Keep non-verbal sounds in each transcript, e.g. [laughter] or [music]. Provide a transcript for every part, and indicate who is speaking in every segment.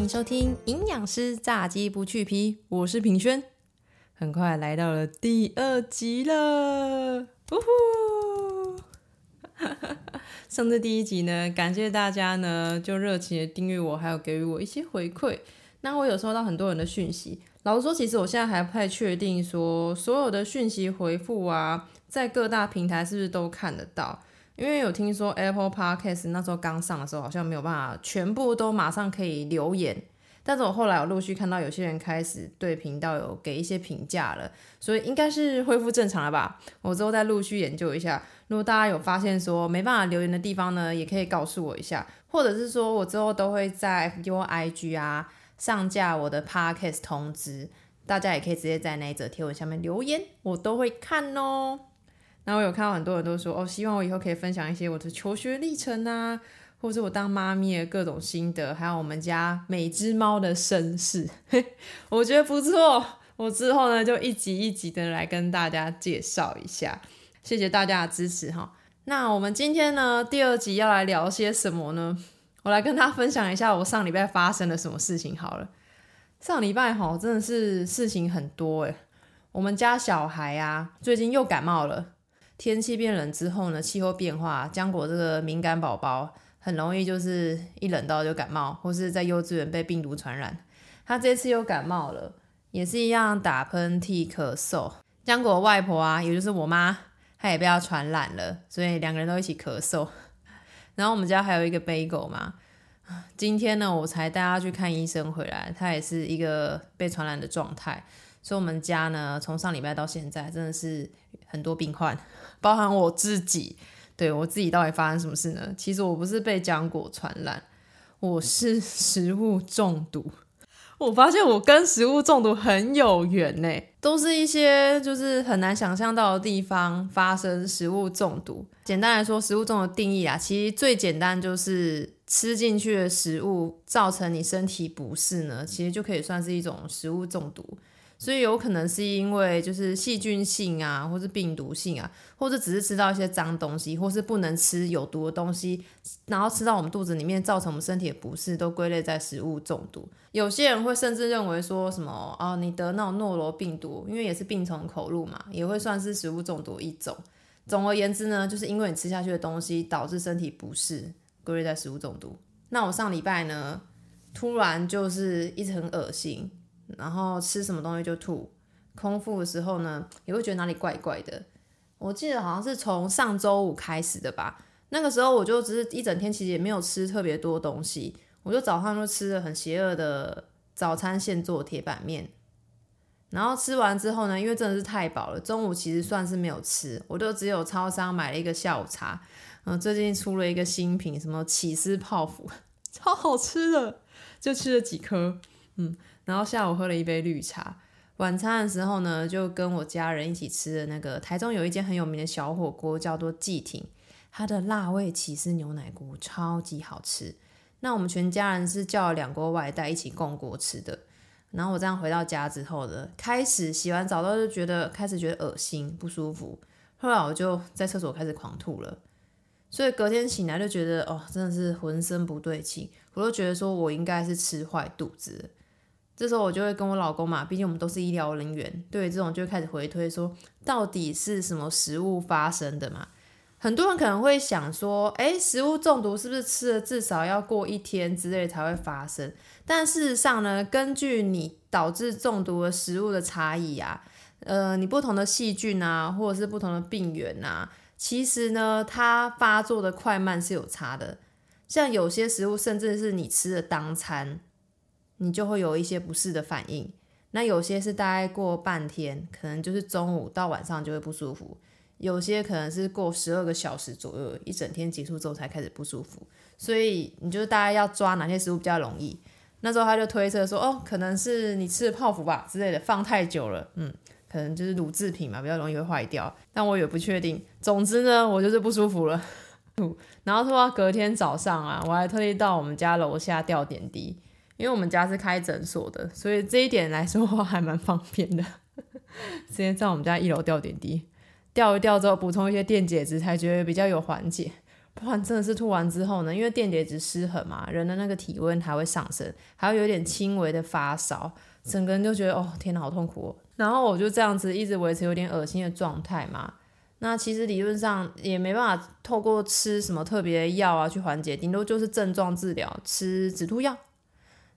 Speaker 1: 歡迎收聽營養師炸雞不去皮，我是品軒。很快來到了第二集了，嗚呼， [laughs] 上次第一集呢，感謝大家呢就熱情的訂閱我，還有給予我一些回饋。那我有收到很多人的訊息，老實說，其實我現在還不太確定說，說所有的訊息回復啊，在各大平台是不是都看得到。因為有聽說 Apple Podcast 那時候剛上的時候好像沒有辦法全部都馬上可以留言，但是我後來有陸續看到有些人開始對頻道有給一些評價了，所以應該是恢復正常了吧。我之後再陸續研究一下，如果大家有發現說沒辦法留言的地方呢，也可以告訴我一下，或者是說我之後都會在 U I G 啊，上架我的 Podcast 通知，大家也可以直接在那一則貼文下面留言，我都會看哦。那我有看到很多人都說哦，希望我以後可以分享一些我的求學歷程啊，或者我當媽咪的各種心得，還有我們家每隻貓的身世。 [laughs] 我覺得不錯，我之後呢就一集一集的來跟大家介紹一下。謝謝大家的支持哈。那我們今天呢第二集要來聊些什麼呢？我來跟他分享一下我上禮拜發生了什麼事情好了。上禮拜哈真的是事情很多哎，我們家小孩啊最近又感冒了。天氣變冷之後呢，氣候變化，江果這個敏感寶寶很容易就是一冷到就感冒，或是在幼稚園被病毒傳染。他這次又感冒了，也是一樣打噴嚏、咳嗽。江果外婆啊，也就是我媽，她也被她傳染了，所以兩個人都一起咳嗽。然後我們家還有一個貝果嘛，今天呢我才帶他去看醫生回來，他也是一個被傳染的狀態。所以我們家呢，從上禮拜到現在，真的是。很多病患，包含我自己，對，我自己到底發生什麼事呢？其實我不是被漿果傳染，我是食物中毒。我發現我跟食物中毒很有緣呢，都是一些就是很難想象到的地方發生食物中毒。簡單來說，食物中毒的定義啊，其實最簡單就是吃進去的食物造成你身體不適呢，其實就可以算是一種食物中毒。所以有可能是因為就是細菌性啊，或是病毒性啊，或者只是吃到一些髒東西，或是不能吃有毒的東西，然後吃到我們肚子裡面，造成我們身體的不適，都歸類在食物中毒。有些人會甚至認為說什麼啊，你得那種諾羅病毒，因為也是病從口入嘛，也會算是食物中毒一種。總而言之呢，就是因為你吃下去的東西導致身體不適，歸類在食物中毒。那我上禮拜呢，突然就是一直很噁心。然後吃什麼東西就吐，空腹的時候呢也會覺得哪裡怪怪的。我記得好像是從上周五開始的吧。那個時候我就只是一整天其實也沒有吃特別多東西，我就早上就吃了很邪惡的早餐，現做鐵板面，然後吃完之後呢，因為真的是太飽了。中午其實算是沒有吃，我就只有超商買了一個下午茶。嗯，最近出了一個新品，什麼起司泡芙，超好吃的，就吃了幾顆。嗯。然後下午喝了一杯綠茶，晚餐的時候呢，就跟我家人一起吃的那個台中有一間很有名的小火鍋，叫做季亭，它的辣味起司牛奶鍋超級好吃。那我們全家人是叫了兩鍋外帶一起共鍋吃的。然後我這樣回到家之後呢，開始洗完澡之後就覺得開始覺得噁心不舒服，後來我就在廁所開始狂吐了。所以隔天醒來就覺得哦，真的是渾身不對勁，我都覺得說我應該是吃壞肚子。這時候我就會跟我老公嘛，畢竟我們都是醫療人員，對這種就會開始回推說，到底是什麼食物發生的嘛？很多人可能會想說，誒，食物中毒是不是吃了至少要過一天之類才會發生？但事實上呢，根據你導致中毒的食物的差異啊，呃，你不同的細菌啊，或者是不同的病原吶、啊，其實呢，它發作的快慢是有差的。像有些食物，甚至是你吃的當餐。你就會有一些不適的反應，那有些是大概過半天，可能就是中午到晚上就會不舒服，有些可能是過十二個小時左右，一整天結束之後才開始不舒服。所以你就是大概要抓哪些食物比較容易？那時候他就推測說，哦，可能是你吃的泡芙吧之類的，放太久了，嗯，可能就是乳制品嘛，比較容易會壞掉。但我也不確定。總之呢，我就是不舒服了， [laughs] 然後說到隔天早上啊，我還特意到我們家樓下吊點滴。因為我們家是開診所的，所以這一點來說話還蠻方便的。直接在我們家一樓吊點滴，吊一吊之後補充一些電解質，才覺得比較有緩解。不然真的是吐完之後呢，因為電解質失衡嘛，人的那個體溫還會上升，還會有點輕微的發燒，整個人就覺得哦天哪，好痛苦哦。然後我就這樣子一直維持有點噁心的狀態嘛。那其實理論上也沒辦法透過吃什麼特別的藥啊去緩解，頂多就是症狀治療，吃止吐藥。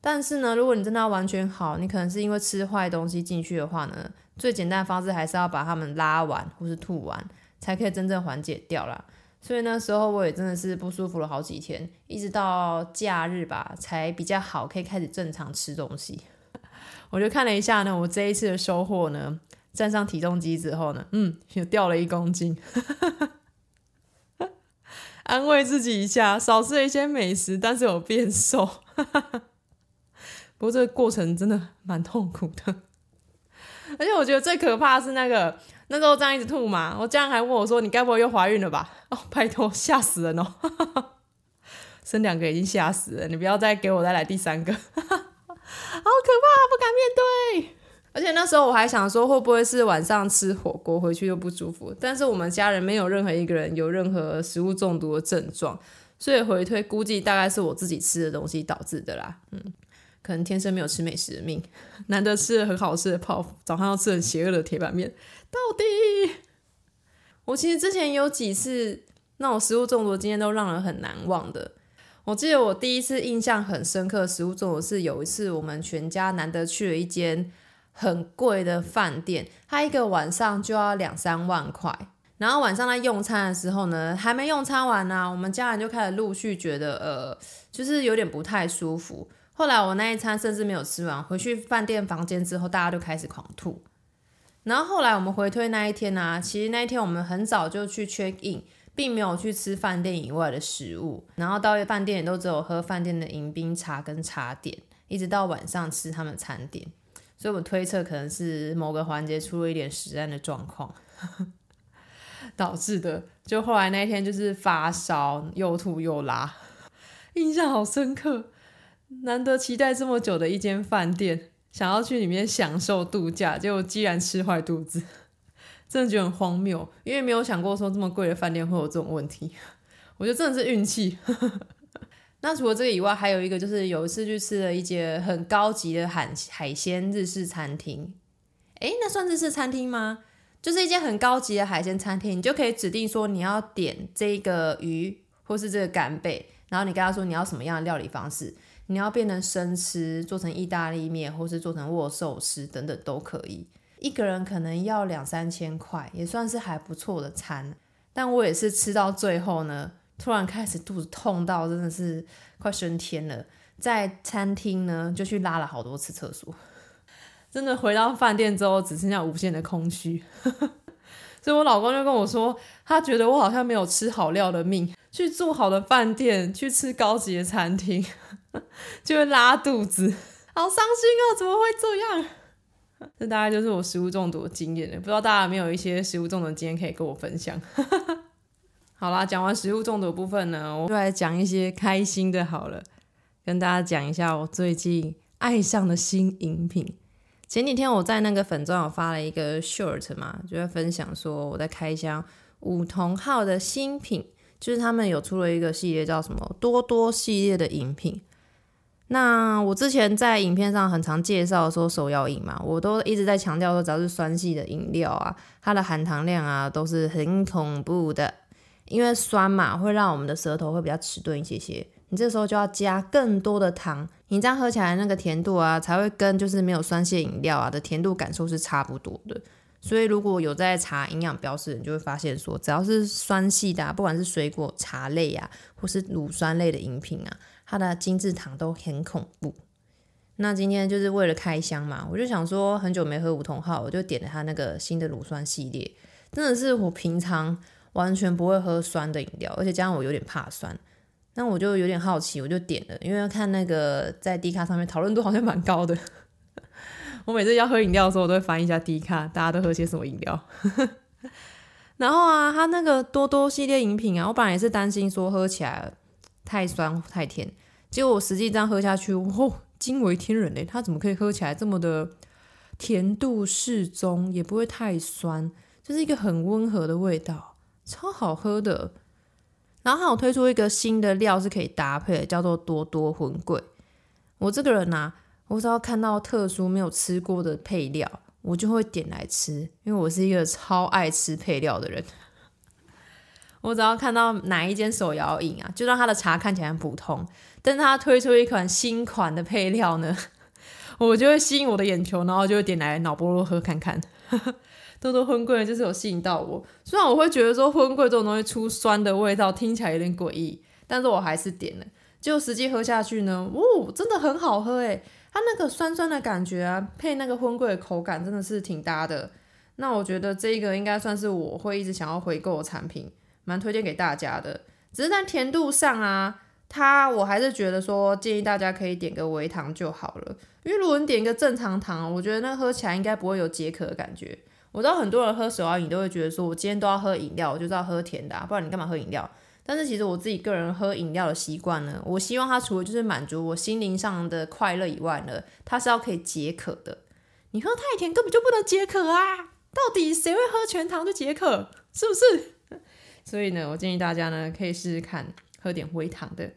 Speaker 1: 但是呢，如果你真的要完全好，你可能是因為吃壞東西進去的話呢，最簡單的方式還是要把它們拉完或是吐完，才可以真正緩解掉啦。所以那時候我也真的是不舒服了好幾天，一直到假日吧，才比較好，可以開始正常吃東西。 [laughs] 我就看了一下呢，我這一次的收穫呢，站上體重機之後呢，嗯，又掉了一公斤， [laughs] 安慰自己一下，少吃了一些美食，但是我變瘦。 [laughs] 不過這個過程真的蠻痛苦的，而且我覺得最可怕的是那個那時候這樣一直吐嘛，我家人還問我，我說：“你該不會又懷孕了吧？”哦，拜托，嚇死人哦！ [laughs] 生兩個已經嚇死了，你不要再給我再來第三個， [laughs] 好可怕，不敢面對。而且那時候我還想說，會不會是晚上吃火鍋回去又不舒服？但是我們家人沒有任何一個人有任何食物中毒的症狀，所以回推估計大概是我自己吃的東西導致的啦。嗯。可能天生沒有吃美食的命，難得吃了很好吃的泡芙，早上要吃很邪惡的鐵板麵。到底，我其實之前有幾次那種食物中毒，今天都讓人很難忘的。我記得我第一次印象很深刻的食物中毒，是有一次我們全家難得去了一間很貴的飯店，他一個晚上就要兩三萬塊。然後晚上在用餐的時候呢，還沒用餐完呢、啊，我們家人就開始陸續覺得呃，就是有點不太舒服。後來我那一餐甚至沒有吃完，回去飯店房間之後，大家就開始狂吐。然後後來我們回推那一天呢、啊，其實那一天我們很早就去 check in，並沒有去吃飯店以外的食物，然後到一個飯店也都只有喝飯店的迎賓茶跟茶點，一直到晚上吃他們餐點。所以我們推測可能是某個環節出了一點食安的狀況 [laughs] 導致的。就後來那一天就是發燒又吐又拉， [laughs] 印象好深刻。難得期待這麼久的一間飯店，想要去裡面享受度假，結果既然吃壞肚子，真的覺得很荒謬，因為沒有想過說這麼貴的飯店會有這種問題。我覺得真的是運氣。 [laughs] 那除了這個以外，還有一個就是有一次去吃了一間很高級的海海鮮日式餐廳，哎、欸，那算日式餐廳嗎？就是一間很高級的海鮮餐廳，你就可以指定說你要點這個魚或是這個干貝，然後你跟他說你要什麼樣的料理方式。你要變成生吃，做成意大利麵，或是做成握壽司等等都可以。一個人可能要兩三千塊，也算是還不錯的餐。但我也是吃到最後呢，突然開始肚子痛到真的是快升天了，在餐廳呢就去拉了好多次廁所，真的回到飯店之後只剩下無限的空虛。 [laughs] 所以我老公就跟我說，他覺得我好像沒有吃好料的命，去住好的飯店，去吃高級的餐廳。 [laughs] 就會拉肚子， [laughs] 好傷心哦、喔！怎麼會這樣？ [laughs] 這大概就是我食物中毒的經驗了。不知道大家有沒有一些食物中毒的經驗可以跟我分享？ [laughs] 好啦，講完食物中毒部分呢，我就來講一些開心的好了，跟大家講一下我最近愛上的新飲品。前幾天我在那個粉專有發了一個 short 嘛，就在分享說我在開箱五桐號的新品，就是他們有出了一個系列叫什麼多多系列的飲品。那我之前在影片上很常介紹說，手搖飲嘛，我都一直在強調說，只要是酸系的飲料啊，它的含糖量啊都是很恐怖的，因為酸嘛會讓我們的舌頭會比較遲鈍一些些，你這時候就要加更多的糖，你這樣喝起來那個甜度啊才會跟就是沒有酸系飲料啊的甜度感受是差不多的，所以如果有在查營養標示，你就會發現說，只要是酸系的，啊，不管是水果茶類啊，或是乳酸類的飲品啊。它的精緻糖都很恐怖。那今天就是為了開箱嘛，我就想說很久沒喝五桐號，我就點了他那個新的乳酸系列。真的是我平常完全不會喝酸的飲料，而且加上我有點怕酸，那我就有點好奇，我就點了，因為看那個在 D 卡上面討論度好像蠻高的。 [laughs] 我每次要喝飲料的時候，我都會翻一下 D 卡，大家都喝些什麼飲料。 [laughs] 然後啊，它那個多多系列飲品啊，我本來也是擔心說喝起來太酸太甜，結果我實際這樣喝下去，哦，驚為天人嘞！它怎麼可以喝起來這麼的甜度適中，也不會太酸，就是一個很溫和的味道，超好喝的。然後它有推出一個新的料是可以搭配的，叫做多多混桂。我這個人吶、啊，我只要看到特殊沒有吃過的配料，我就會點來吃，因為我是一個超愛吃配料的人。我只要看到哪一間手搖飲啊，就讓他的茶看起來很普通，但他推出一款新款的配料呢，我就會吸引我的眼球，然後就會點來腦波弱喝看看。呵呵，都說粉粿就是有吸引到我，雖然我會覺得說粉粿這種東西出酸的味道聽起來有點詭異，但是我還是點了。就實際喝下去呢，哦，真的很好喝誒。它那個酸酸的感覺啊，配那個粉粿的口感真的是挺搭的。那我覺得這個應該算是我會一直想要回購的產品。蠻推薦給大家的，只是在甜度上啊，它我還是覺得說建議大家可以點個微糖就好了，因為如果你點個正常糖，我覺得那喝起來應該不會有解渴的感覺。我知道很多人喝手啊，你都會覺得說，我今天都要喝飲料，我就是要喝甜的啊，不然你幹嘛喝飲料？但是其實我自己個人喝飲料的習慣呢，我希望它除了就是滿足我心靈上的快樂以外呢，它是要可以解渴的。你喝太甜根本就不能解渴啊！到底誰會喝全糖的解渴？是不是？所以呢，我建議大家呢可以試試看喝點微糖的，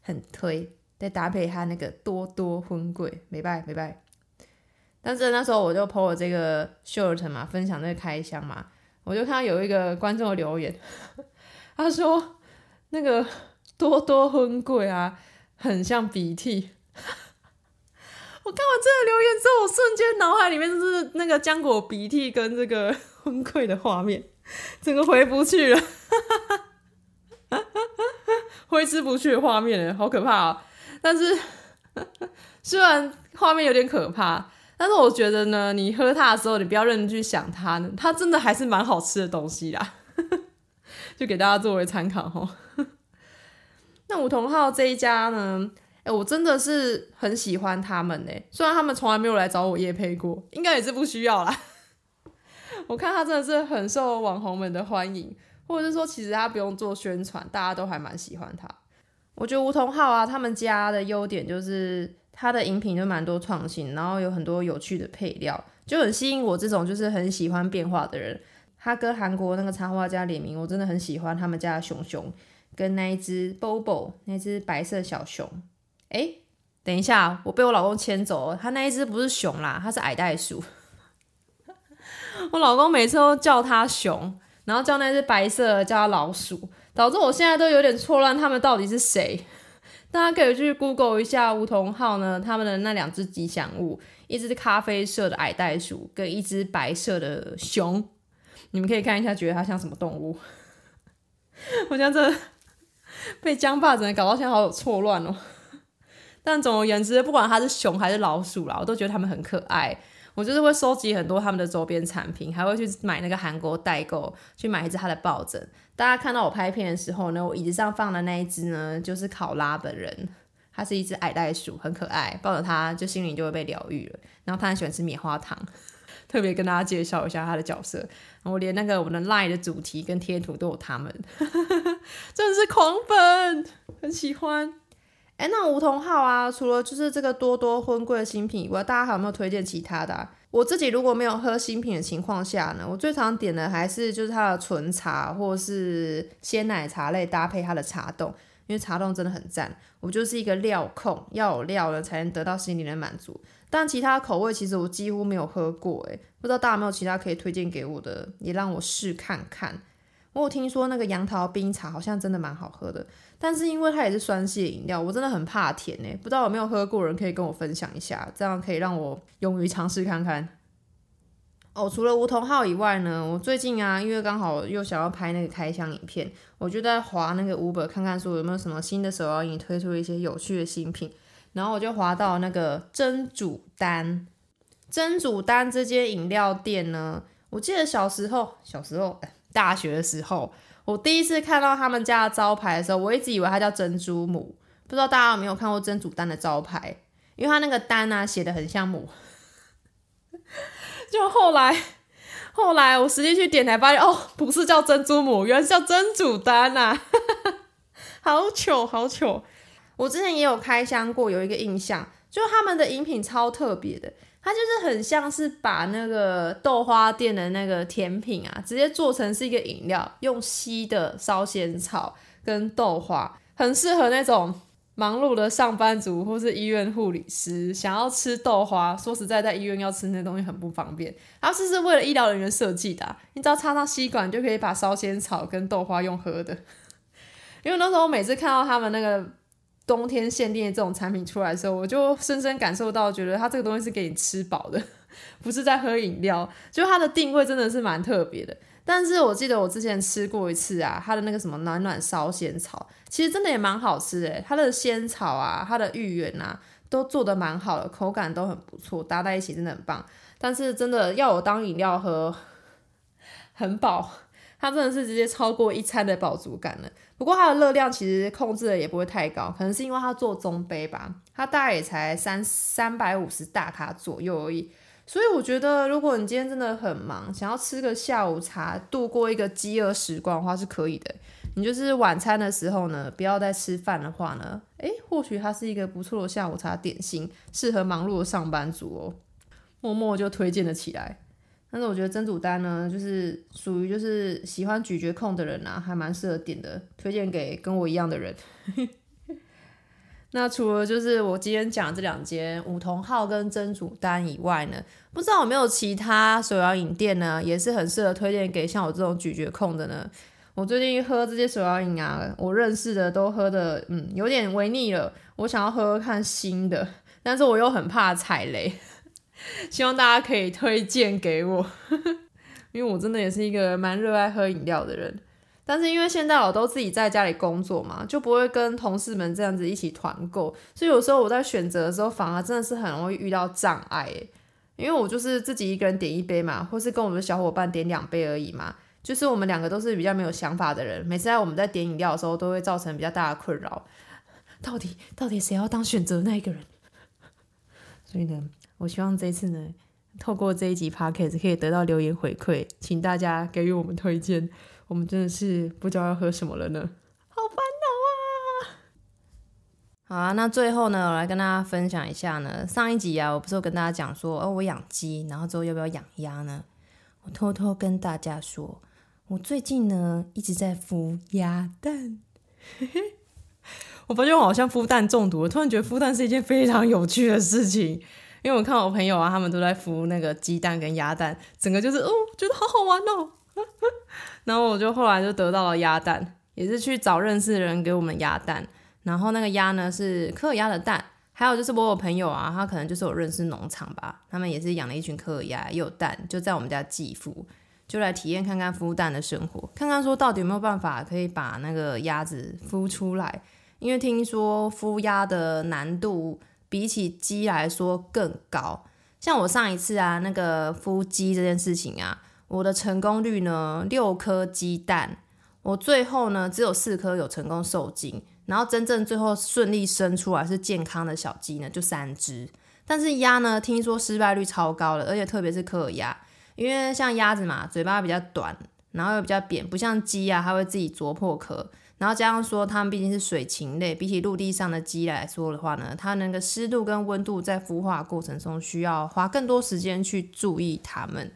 Speaker 1: 很推，再搭配他那個多多粉粿，沒白沒白。但是那時候我就 PO 了這個 short 嘛，分享那個開箱嘛，我就看到有一個觀眾留言，他說那個多多粉粿啊，很像鼻涕。我看完這個留言之後，我瞬間腦海裡面就是那個漿果鼻涕跟這個粉粿的畫面。整個回不去了，揮 [laughs] 之不去的畫面好可怕啊，喔！但是雖然畫面有點可怕，但是我覺得呢，你喝它的時候，你不要認真去想它，呢，它真的還是蠻好吃的東西啦。 [laughs] 就給大家作為參考哈。那吳桐浩這一家呢，哎、欸，我真的是很喜歡他們哎，雖然他們從來沒有來找我業配過，應該也是不需要啦。我看他真的是很受網紅們的歡迎，或者是說，其實他不用做宣傳，大家都還蠻喜歡他。我覺得梧桐浩啊，他們家的優點就是他的飲品就蠻多創新，然後有很多有趣的配料，就很吸引我這種就是很喜歡變化的人。他跟韓國那個插畫家聯名，我真的很喜歡他們家的熊熊跟那一隻 Bobo，那隻白色小熊。哎、欸，等一下，我被我老公牽走，他那一隻不是熊啦，他是矮袋鼠。我老公每次都叫他熊，然後叫那隻白色的叫他老鼠，導致我現在都有點錯亂，他們到底是誰？大家可以去 Google 一下吳桐浩呢，他們的那兩隻吉祥物，一隻咖啡色的矮袋鼠跟一隻白色的熊，你們可以看一下，覺得它像什麼動物？ [laughs] 我現在真的被江爸整的搞到現在好有錯亂哦。但總而言之，不管他是熊還是老鼠啦，我都覺得他們很可愛。我就是會收集很多他們的周邊產品，還會去買那個韓國代購，去買一隻他的抱枕。大家看到我拍片的時候呢，我椅子上放的那一隻呢，就是考拉本人，它是一隻矮袋鼠，很可愛，抱着它就心裡就會被療癒了。然後它很喜歡吃棉花糖，特別跟大家介紹一下它的角色。我連那個我們的 LINE 的主題跟貼圖都有他們， [laughs] 真的是狂粉，很喜歡。哎、欸，那五桐號啊，除了就是這個多多婚櫃新品以外，大家還有沒有推薦其他的、啊？我自己如果沒有喝新品的情況下呢，我最常點的還是就是它的純茶或是鮮奶茶類搭配它的茶凍，因為茶凍真的很讚。我就是一個料控，要有料了才能得到心理的滿足。但其他口味其實我幾乎沒有喝過、欸，哎，不知道大家有沒有其他可以推薦給我的，也讓我試看看。我有聽說那個楊桃冰茶好像真的蠻好喝的，但是因為它也是酸性飲料，我真的很怕甜誒、欸。不知道有沒有喝過人可以跟我分享一下，這樣可以讓我勇於嘗試看看。哦，除了吳桐號以外呢，我最近啊，因為剛好又想要拍那個開箱影片，我就在滑那個 Uber 看看說有沒有什麼新的手搖飲推出一些有趣的新品，然後我就滑到那個珍煮丹，珍煮丹這間飲料店呢，我記得小時候，小時候大學的時候，我第一次看到他們家的招牌的時候，我一直以為它叫珍珠母，不知道大家有沒有看過珍珠丹的招牌，因為它那個丹啊，寫的很像母。 [laughs] 就後來，後來我實際去點才發現，哦，不是叫珍珠母，原來是叫珍珠丹啊，好 [laughs] 糗，好糗！好糗，我之前也有開箱過，有一個印象，就他們的飲品超特別的。它就是很像是把那個豆花店的那個甜品啊，直接做成是一個飲料，用吸的燒仙草跟豆花，很適合那種忙碌的上班族或是醫院護理師想要吃豆花。說實在，在醫院要吃那些東西很不方便，它是是為了醫療人員設計的啊，你只要插上吸管就可以把燒仙草跟豆花用喝的。因為那時候我每次看到他們那個。冬天限定的這種產品出來的時候，我就深深感受到，覺得它這個東西是給你吃飽的，不是在喝飲料。就它的定位真的是蠻特別的。但是我記得我之前吃過一次啊，它的那個什麼暖暖燒仙草，其實真的也蠻好吃誒。它的仙草啊，它的芋圓啊，都做得蠻好的，口感都很不錯，搭在一起真的很棒。但是真的要我當飲料喝，很飽，它真的是直接超過一餐的飽足感了。不過它的熱量其實控制的，也不會太高，可能是因為它做中杯吧，它大概也才三三百五十大卡左右而已。所以我覺得，如果你今天真的很忙，想要吃個下午茶，度過一個飢餓時光的話，是可以的。你就是晚餐的時候呢，不要再吃飯的話呢，誒，或許它是一個不錯的下午茶點心，適合忙碌的上班族哦，默默就推薦了起來。但是我覺得珍煮丹呢，就是屬於就是喜歡咀嚼控的人啊，還蠻適合點的，推薦給跟我一樣的人。 [laughs] 那除了就是我今天講的這兩間梧桐號跟珍煮丹以外呢，不知道有沒有其他手搖飲店呢，也是很適合推薦給像我這種咀嚼控的呢？我最近喝這些手搖飲啊，我認識的都喝的，嗯，有點微膩了，我想要喝喝看新的，但是我又很怕踩雷。希望大家可以推薦給我，因為我真的也是一個蠻熱愛喝飲料的人。但是因為現在我都自己在家裡工作嘛，就不會跟同事們這樣子一起團購，所以有時候我在選擇的時候，反而真的是很容易遇到障礙欸。因為我就是自己一個人點一杯嘛，或是跟我們的小夥伴點兩杯而已嘛。就是我們兩個都是比較沒有想法的人，每次在我們在點飲料的時候，都會造成比較大的困擾。到底到底誰要當選擇那一個人？所以呢？我希望這一次呢，透過這一集 podcast 可以得到留言回饋，請大家給予我們推薦，我們真的是不知道要喝什麼了呢，好煩惱啊！好啊，那最後呢，我來跟大家分享一下呢，上一集啊，我不是有跟大家講說，哦，我養雞，然後之後要不要養鴨呢？我偷偷跟大家說，我最近呢一直在孵鴨蛋， [laughs] 我發現我好像孵蛋中毒，我突然覺得孵蛋是一件非常有趣的事情。因為我看我朋友啊，他們都在孵那個雞蛋跟鴨蛋，整個就是哦，覺得好好玩哦。 [laughs] 然後我就後來就得到了鴨蛋，也是去找認識的人給我們鴨蛋。然後那個鴨呢是柯爾鴨的蛋，還有就是我有朋友啊，他可能就是我認識農場吧，他們也是養了一群柯爾鴨，也有蛋就在我們家寄孵，就來體驗看看孵蛋的生活，看看說到底有沒有辦法可以把那個鴨子孵出來，因為聽說孵鴨的難度。比起雞來說更高，像我上一次啊，那個孵雞這件事情啊，我的成功率呢，六顆雞蛋，我最後呢只有四顆有成功受精，然後真正最後順利生出來是健康的小雞呢就三只，但是鴨呢，聽說失敗率超高了，而且特別是柯爾鴨，因為像鴨子嘛，嘴巴比較短。然後又比較扁，不像雞啊，它會自己啄破殼。然後加上說，它們畢竟是水禽類，比起陸地上的雞來說的話呢，它那個濕度跟溫度在孵化過程中需要花更多時間去注意它們。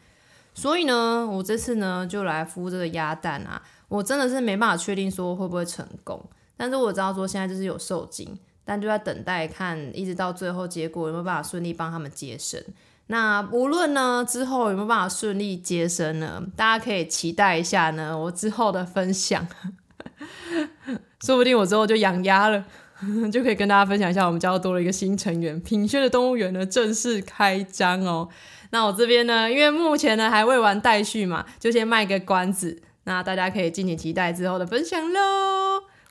Speaker 1: 所以呢，我這次呢就來孵這個鴨蛋啊，我真的是沒辦法確定說會不會成功。但是我知道說現在就是有受精，但就在等待看，一直到最後結果有沒有辦法順利幫它們接生。那無論呢之後有沒有辦法順利接生呢，大家可以期待一下呢我之後的分享， [laughs] 說不定我之後就養鴨了， [laughs] 就可以跟大家分享一下我們家又多了一個新成員，品軒的動物園呢正式開張哦。那我這邊呢，因為目前呢還未完待續嘛，就先賣個關子，那大家可以敬請期待之後的分享嘍。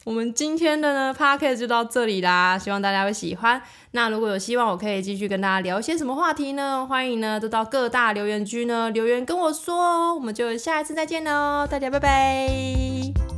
Speaker 1: 我們今天的呢，Podcast 就到這裡啦，希望大家會喜歡。那如果有希望，我可以繼續跟大家聊一些什麼話題呢？歡迎呢都到各大留言區呢留言跟我說哦。我們就下一次再見嘍，大家拜拜。